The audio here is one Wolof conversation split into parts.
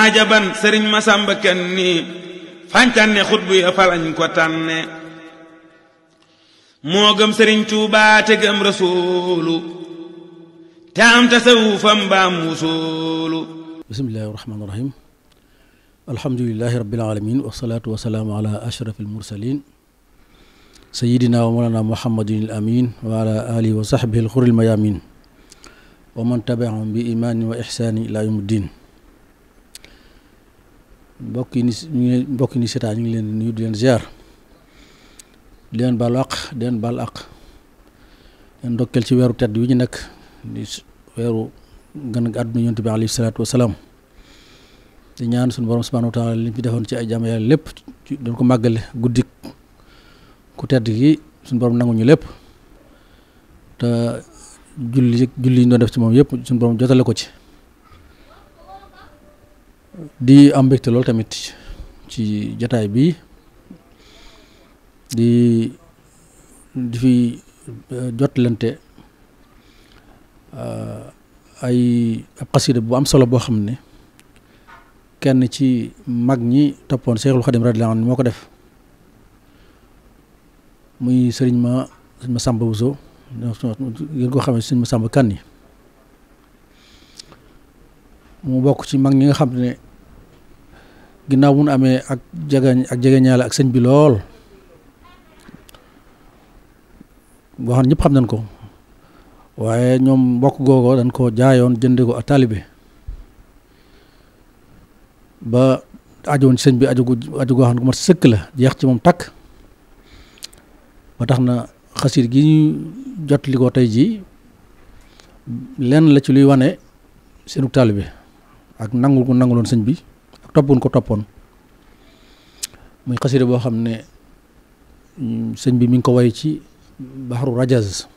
ajaban sëriñ masamba kenn nii fàncanne xutbu ya falañ ko tànne moo gëm sëriñ tuubaa te gëm rasuulu te am tasawufam baam wusuulu bismillahi rahmaani rahim alhamdulilahi rabbil alamin wasalaatu wasalaamu ala ashraf almursalin sayidina wa molana muhammadin al amin wa ala alihi wa sahbihi alxuril mayamin wa man tabiahum bi imaanin wa ixsaanin ila yawmi ddin mbokk yi ni ñu mbokki ni seetaan ñu ngi leen di nuyu di leen ziar di leen baal àq di leen àq ndokkeel ci weeru tedd wi ñu nekk di weeru gën ak àdduna yonent bi alayhi salaatu wa salaam ñaan suñu borom subhaanahu wa taala li ñu defoon ci ay jàmm yàlla lépp dañ ko màggale guddik ku tedd gi suñu borom nanguñu lépp te julli julli ñu doon def ci moom yëpp suñu borom jotale ko ci di am mbégte lool tamit ci jataay bi di di fi euh, jotlante euh, ay ab xasida bu am solo boo xam ne kenn ci mag ñi toppoon Seexul Xadim radiyallaahu anhu moo ko def muy sëriñ ma sëriñ ma Sàmba Buso ngeen ko xamee sëriñ ma Sàmba Kan yi mu bokk ci mag ñi nga xam ne ginnaaw bu nu amee ak jegeñ ak jegeñaale ak sëñ bi lool boo xam ñëpp xam nañ ko waaye ñoom mbokk googo dañ ko jaayoon jënd ko ak taalibe ba ajoon sëñ bi aju aju goo xam gu mat sëkk la jeex ci moom takk ba tax na xasir gi ñu jot li ko tey jii lenn la ci luy wane seenu taalibe ak nangul ko nanguloon sëñ bi ak toppoon ko toppoon muy xasida boo xam ne mm, sëñ bi mi ngi ko way ci baxaru rajaz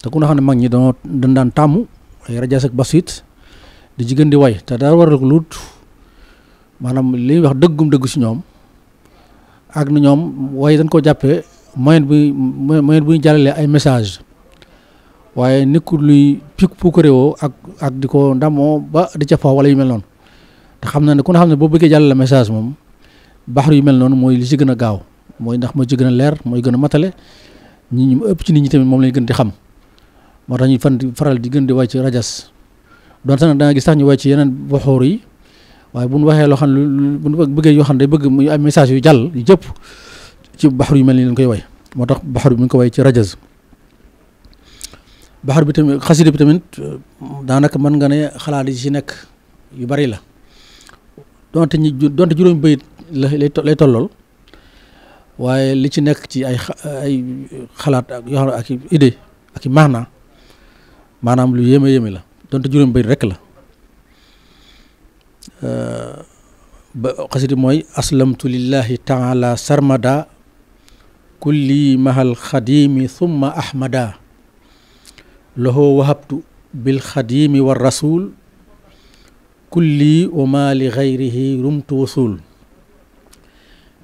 te ku nga xam ne mag ñi dañoo dañ daan tàmm ay rajaz ak basit di jigéen di way te daa war a luut maanaam li ñuy wax dëggum dëgg ci ñoom ak na ñoom way dañ koo jàppee moyen bu moyen bu ñu ay message waaye nekkul luy pik puukaréwoo ak ak di ko ndamoo ba di ca faaw wala yu mel noonu te xam na ne ku ne xam ne boo bëggee jàllale message moom baxaru yu mel noonu mooy li ci gën a gaaw mooy ndax moo ci a leer mooy gën a matale ñi ñu ëpp ci nit ñi tamit moom lañ gën di xam moo tax ñu fan faral di gën di ci rajas doon sax nag da nga gis tax ñu wàcc yeneen waxoor yi waaye bu ñu waxee loo xam ne bu ñu bëggee yoo xam ne day bëgg mu ay message yu jàll yu jëpp ci baxaru yu mel ni lañ koy way moo tax baxaru bi mu ngi ko way ci rajas baxar bi tamit xasida bi tamit euh, daanaka mën nga ne xalaat yi si nekk yu bari la doonte ñi donte juróomi bayit la lay tollool waaye li ci nekk ci ay ay xalaat ak yoo ak i idée maanaam lu yéeme yéeme la donte juróomi bayit rekk la euh, ba xasida mooy aslamtu lillahi taala sarmada kulli mahal xadimi thumma ahmada lahoo wahabtu bil xadimi wa rasul kulli wa maa li gayrihi rumtu wasul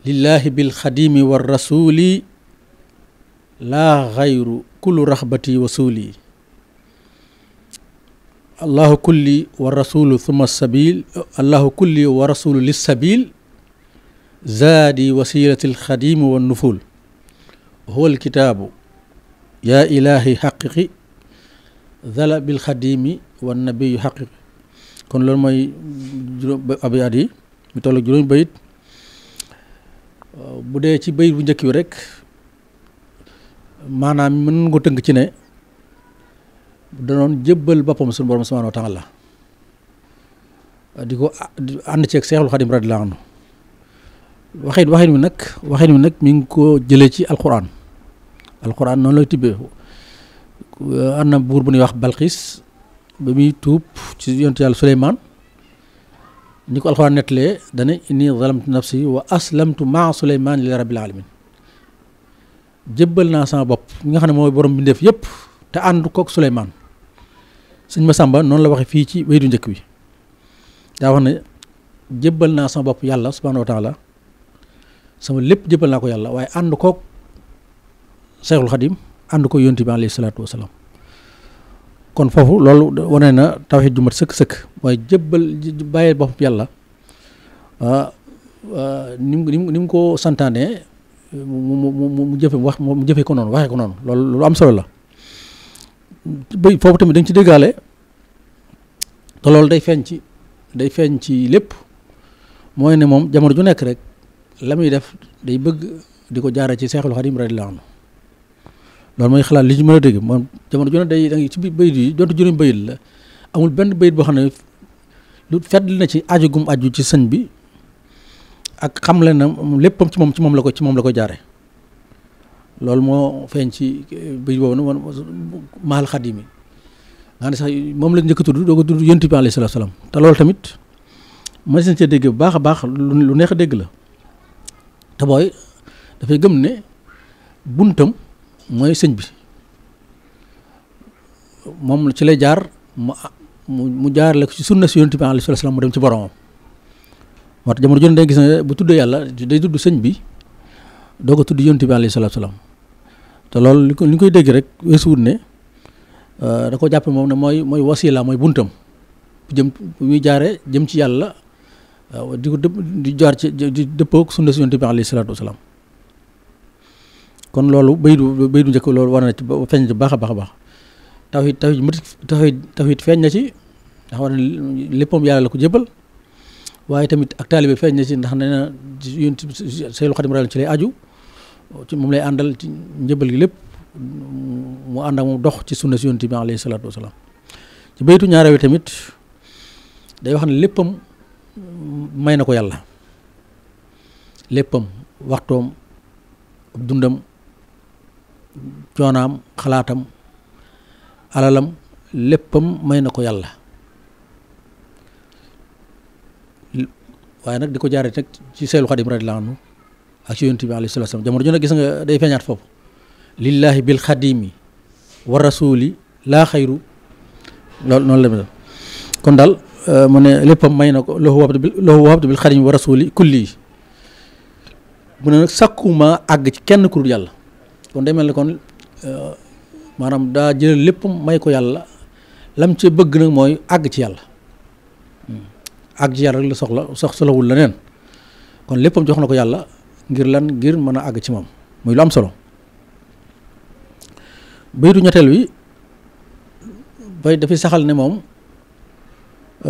lillahi bil xadimi wa rasuli laa gayru kullu raxbati wasuli allahu kulli wa rasulu summa sabil allahu kulli wa rasulu lis sabil zaadi wasilati alxadimi wa nuful huwa alkitaabu yaa ilahi xaqiqi zala bil xadimi wa nabiyu xaqiq kon loolu mooy juróom abiyaat yi mu toll ak juróomi bayit bu dee ci bayit bu njëkk bi rek maanaam mën nga ko tënk ci ne danoon jëbbal boppam suñu borom subhanahu wa taala di ko ànd ceeg seexul xadim radiyallahu anhu waxin waxin wi nag waxin wi nag mi ngi ko jëlee ci alquran alquran noonu lay tibbee am na buur bu nuy wax Balxiis ba muy tuub ci yontu yàlla Suleymaan ni ko alxuraan nettalee dana inni zalamtu nafsi wa aslamtu maa Suleymaan li rabbil alamin jébbal naa sama bopp mi nga xam ne mooy borom bindeef yépp te ànd kook Suleymaan sëñ Masamba noonu la waxee fii ci wéy du njëkk bi daa wax ne jébbal naa sama bopp yàlla subhaanahu wa taala sama lépp jébbal naa ko yàlla waaye ànd kook Seexul Xadim ànd ko yonti bi alayhi salaatu wasalaam kon foofu loolu wane na tawxiid ju mat sëkk-sëkk mooy jébbal bàyyee bopp yàlla ah, ah, ni mu ni mu ko santaane mu mu mu jëfe wax mu jëfe ko noonu waxee ko noonu loolu lu am solo la ba foofu tamit dañ ci déggaale te loolu day feeñ ci day feeñ ci lépp mooy ne moom jamono ju nekk rek la muy def day bëgg di ko jaare ci Seexul Xadim radiyallaahu anhu lool mooy xalaat li ñu mën a dégg moom jamono jone day da ngay ci biir bayit yi donte juróom bayit la amul benn bayit boo xam ne lu fedd na ci aju gum aju ci sëñ bi ak xam leen na léppam ci moom ci moom la ko ci moom la ko jaare loolu moo feeñ ci bayit boobu nag maal xadimi nga ne sax moom la njëkk tudd doo ko tudd yonent bi alayhi salaatu salaam te loolu tamit mën nañ cee dégg bu baax a baax lu neex a dégg la te dafay gëm ne buntam mooy sëñ bi moom ci lay jaar mu mu jaarale ko ci sunna si yonent bi alayhi salaam mu dem ci boromam moo tax jamono jone day gis ne bu tuddee yàlla day tudd sëñ bi doo ko tudd yonent bi alayhi salaam te loolu li ko li ñu koy dégg rek weesuwut ne euh, da ko jàpp moom ne mooy mooy wasila mooy buntam bu jëm bu muy jaaree jëm ci yàlla euh, di ko dëpp di jaar ci di dëppoo sunna si yonent bi alayhi salaatu wasalaam kon loolu bay du bay du njëkk loolu war na ci feeñ ci baax a baax a baax tawhid tawhid mati tawhid tawhid feeñ na ci ndax war na la ko jébal waaye tamit ak feeñ na ci ndax nee na yéen Seydou Khadim Rail ci lay lay àndal ci njëbal lépp mu ànd ak mu dox ci sunna si yonent bi alayhi salaatu wasalaam ci baytu ñaareel wi tamit day wax ne léppam may na ko yàlla léppam waxtoom dundam coonaam xalaatam alalam léppam may na ko yàlla waaye nag di ko jaaree nag ci seelu xadim radiyallahu anhu ak ci yonent bi alayhi salaam jamono ju ne gis nga day feeñaat foofu lillaahi bil xadimi wa rasuli laa xayru loolu noonu la mel kon daal euh, mu ne léppam may na ko lahu wabtu lahu wabtu bil xadimi wa kulli mu ne nag àgg ci kenn ku yàlla kon day mel ni kon euh, maanaam daa jël lépp may ko yàlla lam ci bëgg nag mooy àgg ci yàlla hmm. àgg ci yàlla rek la soxla sox solowul la neen kon léppam jox na ko yàlla ngir lan ngir mën a àgg ci moom muy lu am solo baytu ñetteel wi bay dafay saxal ne moom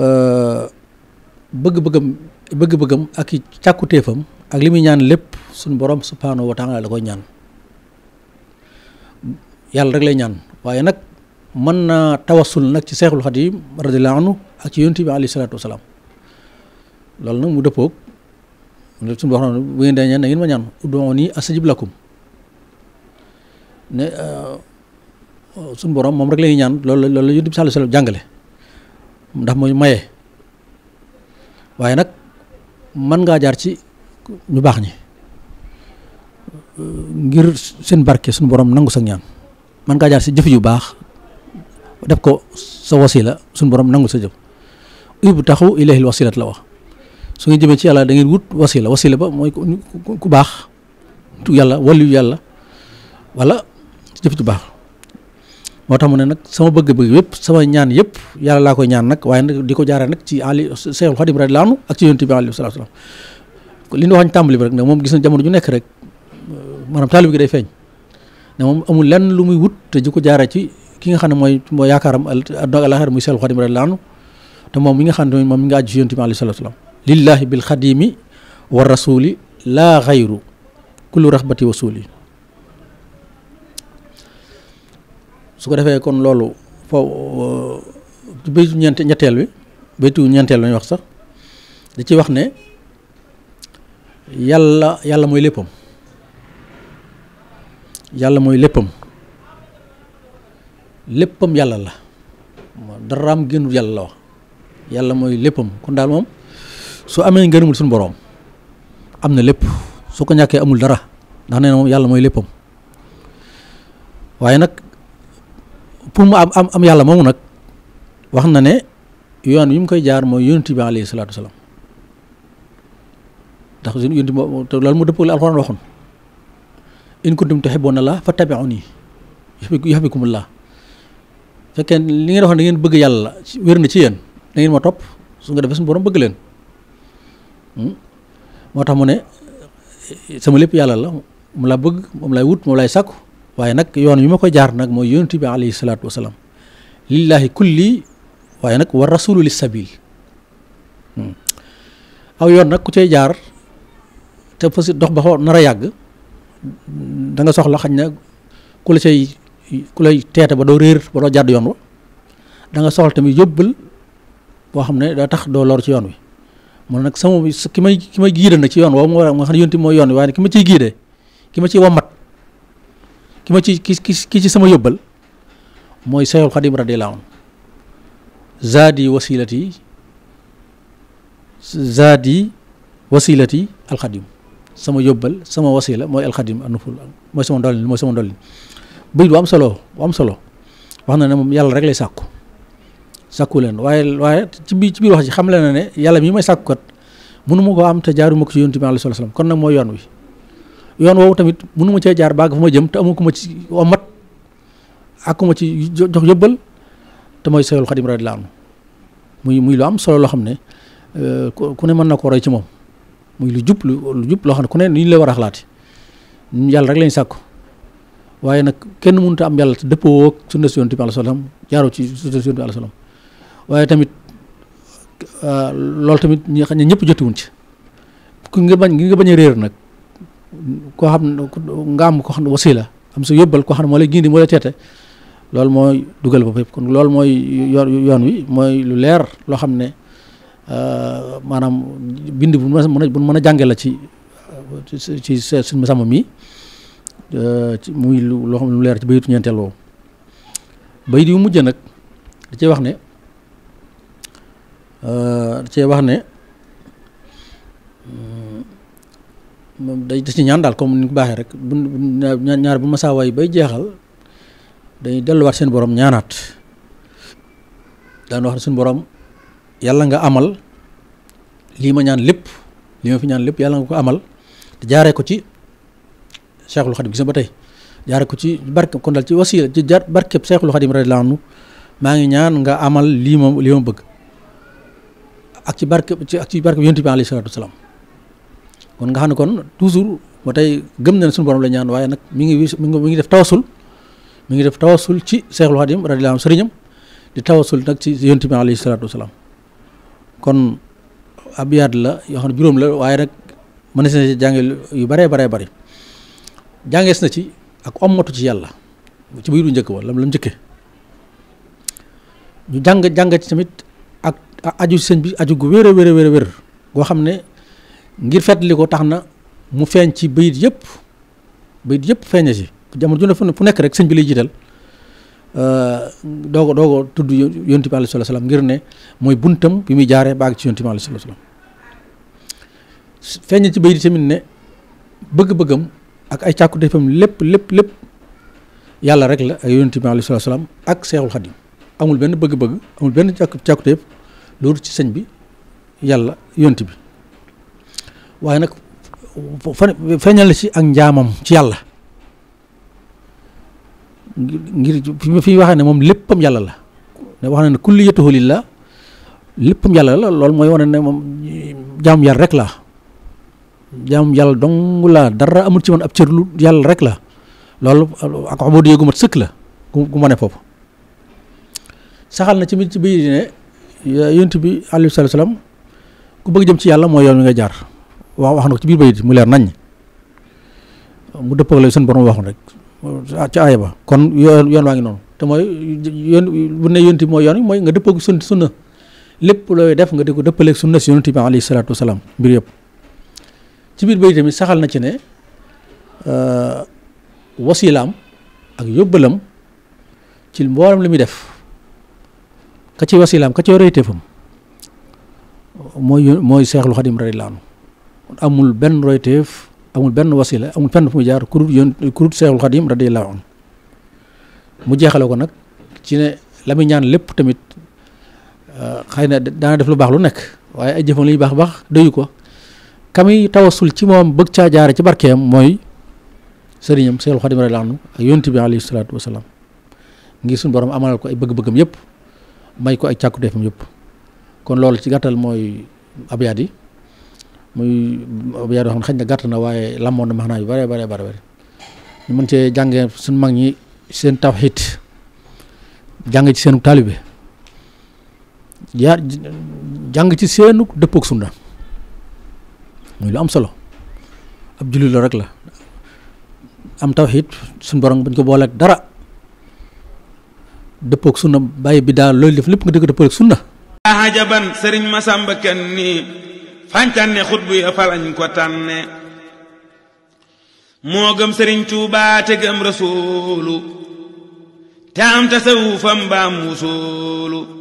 euh, bëgg-bëggam bëgg-bëggam ak i càkkutéefam ak li muy ñaan lépp suñu borom subhaanahu wa taala la koy ñaan yàlla rek lay ñaan waaye nag mën na tawassul nag ci seexul xadim radiyallahu ak ci yonent bi alayhi salaatu wasalaam loolu nag mu dëppoog suñu wax na bu ngeen dee ñaan na ngeen ma ñaan euh, borom moom rek lay ñaan loolu loolu la yonent bi sallallahu alayhi wasallam jàngale ndax mooy maye waaye nag mën ngaa jaar ci ñu baax ñi ngir seen barke suñu borom nangu sa ñaan mën ngaa jaar si jëf yu baax def ko sa wasila suñu borom nangul sa jëf ubu taxu ilayhil wasilat la wax su ngeen jëmee ci yàlla da ngeen wut wasila wasila ba mooy ku baax tu yàlla waliyu yàlla wala jëf ju baax moo tax mu ne nag sama bëgg-bëgg yëpp sama ñaan yëpp yàlla laa koy ñaan nag waaye di ko jaaree nag ci ali Seexul Xadim radiyallaahu anhu ak ci yonent bi alayhi salaatu wa salaam tàmbali bi rek nag moom gis na jamono ju nekk rek maanaam taalib gi day feeñ ne amul lenn lu muy wut te ji ko jaara ci ki nga xam ne mooy mooy yaakaaram àdduna ak àllaaxira muy Seexul Xadim radiyallaahu anhu te moom mi nga xam ne moom mi nga aju ci Yonent bi alayhi salaatu wa salaam lillahi bil xadimi wa rasuli laa xayru kullu raxbati wa suuli su ko defee kon loolu foofu uh, baytu ñeent ñetteel bi baytu ñeenteel lañu wax sax da ci wax ne yàlla yàlla mooy léppam yàlla mooy léppam léppam yàlla la daraam génnul yàlla la wax yàlla mooy léppam kon daal moom su amee ngërëmul suñu boroom am na lépp su ko ñàkkee amul dara ndax nee na moom yàlla mooy léppam waaye nag pour mu am am yàlla moomu nag wax na ne yoon wi mu koy jaar mooy yonent bi alayhi salaatu wasalaam ndax yonent bi alxuraan waxoon in kuntum tuhibbuuna llaah fattabi'uunii yuhbibkumullaah fekkee li ngeen waxoon da ngeen bëgg yàlla wér na ci yéen da ma topp su nga defee suñu borom bëgg leen hmm? moo tax mu ne sama lépp yàlla la mu laa bëgg moom laay wut moom laay sàkku waaye nag yoon wi ma koy jaar nag mooy yonent bi alayhi salaatu wa salaam waaye nag war rasulu li sabil hmm. aw yoon nag ku cay jaar te fas dox ba xaw nar a yàgg danga soxla xañ na ku la say ku lay teete ba doo réer ba doo jàdd yoon wa da soxla tamit yóbbal boo xam ne daa tax doo lor ci yoon wi moom nag sama ki may ki may giide nag ci yoon woowu moo xam ne yonti mooy yoon wi waaye ki ma ciy giidee ki ma ciy wommat ki ma ci ki ci sama yóbbal mooy Seexul Xadim radiyallaahu anhu zaadi wasilati zaadi wasilati alxadim sama yóbbal sama wasila mooy alxadim anuful mooy sama ndollin mooy sama ndollin bëyit bu am solo am solo wax na ne moom yàlla rek lay sàkku sàkku leen waaye waaye ci biir ci biir wax ji xam leen ne yàlla mi may sàkku kat mënu ma koo am te jaaruma ko ci yonent bi alayhi salaam kon nag mooy yoon wi yoon woowu tamit mënu ma cee jaar baag fa ma jëm te amu ma ci omat ak ma ci jox yóbbal te mooy Seexul Xadim radiyallaahu anhu muy muy lu am solo loo xam ne euh, ku ne mën na ko roy ci moom. muy lu jub lu jub loo xam ne ku ne ni ñu war a xalaati yàlla rek lañ sàkku waaye nag kenn mënut am yàlla dëppoo ak sunna si yonent bi alayhi salaam jaaroo ci sunna si yonent waaye tamit ah, loolu tamit ñi xam ne ñëpp jotiwuñ ci ku nga bañ nga bañ a réer nag koo xam ne nga am ko xam ne wasila am sa yóbbal koo xam ne moo lay gindi moo lay teete loolu mooy dugal ba yëpp kon lool mooy yoon wi mooy lu leer loo xam ne Euh, maanaam bind bu mën a bu mën a jàngee ci ci suñu sàmm mi ci muy lu loo xam lu leer ci bayitu ñeenteel woowu bayit yu mujj nag da cee wax ne euh, da cee wax ne mm, day da ci ñaan daal comme ni ko baaxee rek bu ñaar bu ma saa waay bay jeexal day delluwaat seen borom ñaanaat daan wax ne suñu borom. yàlla nga amal lii ma ñaan lépp li fi ñaan lépp yàlla nga ko amal te jaaree ko ci Cheikhul Khadim gis nga ba tey jaaree ko ci barke kon dal ci wasila ci jaar barkeb Cheikhul Khadim radiyallahu anhu maa ngi ñaan nga amal lii ma li ma bëgg ak ci barke ak ci barke yonent bi alayhi salaatu wasalaam kon nga xam ne kon toujours ba tey gëm na ne suñu borom la ñaan waaye nag mi ngi mi ngi def tawasul mu ngi def tawasul ci Cheikhul Khadim radiyallahu anhu sëriñam di tawasul nag ci yonent bi alayhi kon abyaat la yoo xam ne juróom la waaye nag mënees na ci jànge yu baree baree bari jàngees na ci ak ommatu ci yàlla ci biiru njëkk ba la lam njëkke ñu jàng jàng ci tamit ak aju sëñ bi aju gu wér a wér a wér a goo xam ne ngir fàttali ko tax na mu feeñ ci bayit yëpp bayit yëpp feeña ci jamono ju ne fu nekk rek sëñ bi lay jiital Euh, doo ko doo ko tudd yonti bi alayhi salaatu salaam ngir ne mooy buntam bi muy jaaree baag ci yonti bi alayhi salaatu ci bayit tamit ne bëgg-bëggam ak ay càkkutéefam lépp lépp lépp yàlla rek la ak yonti bi alayhi ak seexul amul benn bëgg-bëgg amul benn càkku càkkutéef loolu ci sëñ bi yàlla yonti bi waaye nag feeñal na ci ak njaamam ci yàlla ngir fi ñu waxee ne moom léppam yàlla la ne wax na ne kulliyatuhu lillah léppam yàlla la lool mooy wane ne moom jaamum yàlla rek la jaamum yàlla dong la dara amul ci man ab cër yàlla rek la loolu ak ubudiyya gu mat sëkk la gu ma ne foofu saxal na ci biir ci biir ne yonent bi alayhi salaam ku bëgg jëm ci yàlla mooy yoon wi jaar wax wax na ko ci biir bayit mu leer nañ mu dëppoo la seen borom waxoon rek ca aaya ba kon yoon yoon waa ngi noonu te mooy yoon bu ne yonent bi mooy yoon mooy nga dëppoo sun sunna lépp looy def nga di ko dëppaleeg sunna si yonent bi alayhi salaatu wasalaam mbir biir bay tamit saxal na ci ne euh, wasilaam ak yóbbalam ci mboolam li muy def ka ci wasilaam ka ci royteefam mooy mooy seexlu xadim radiyallaahu anhu amul benn royteef amul benn wasila amul fenn fu mu jaar kurut yoon kurut seexul xadim radiyallahu anhu mu jeexale ko nag ci ne la ñaan lépp tamit euh, xëy na daana def lu baax lu nekk waaye ay jëfam li baax baax doyu ko kami tawasul ci moom bëgg caa jaare ci barkeem mooy sëriñam seexul xadim radiyallahu anhu ak yonent bi alayhi salaatu wasalaam ngir suñu borom amalal ko ay bëgg-bëggam yëpp may ko ay càkkuteefam yëpp kon loolu ci gàttal mooy abyaat muy weer yoo xam ne xëy na gàtt na waaye lamoon na maanaam yu bare bare bare bare ñu mën cee jàngee suñ mag ñi seen tawxiit jàng ci seenu taalibe yaa jàng ci seenu dëppook sunna muy lu am solo ab jullit la rek la am tawxiit suñ borom bañ ko booleeg dara dëppook sunna bàyyi bi daal loolu def lépp nga dëgg dëppook sunna ajaban sëriñ Masamba Kanni fàncanne xutbu ya falañ ko tànne moo gëm sëriñ Tuubaa te gëm rasuulu te am tasawufam baam wusuulu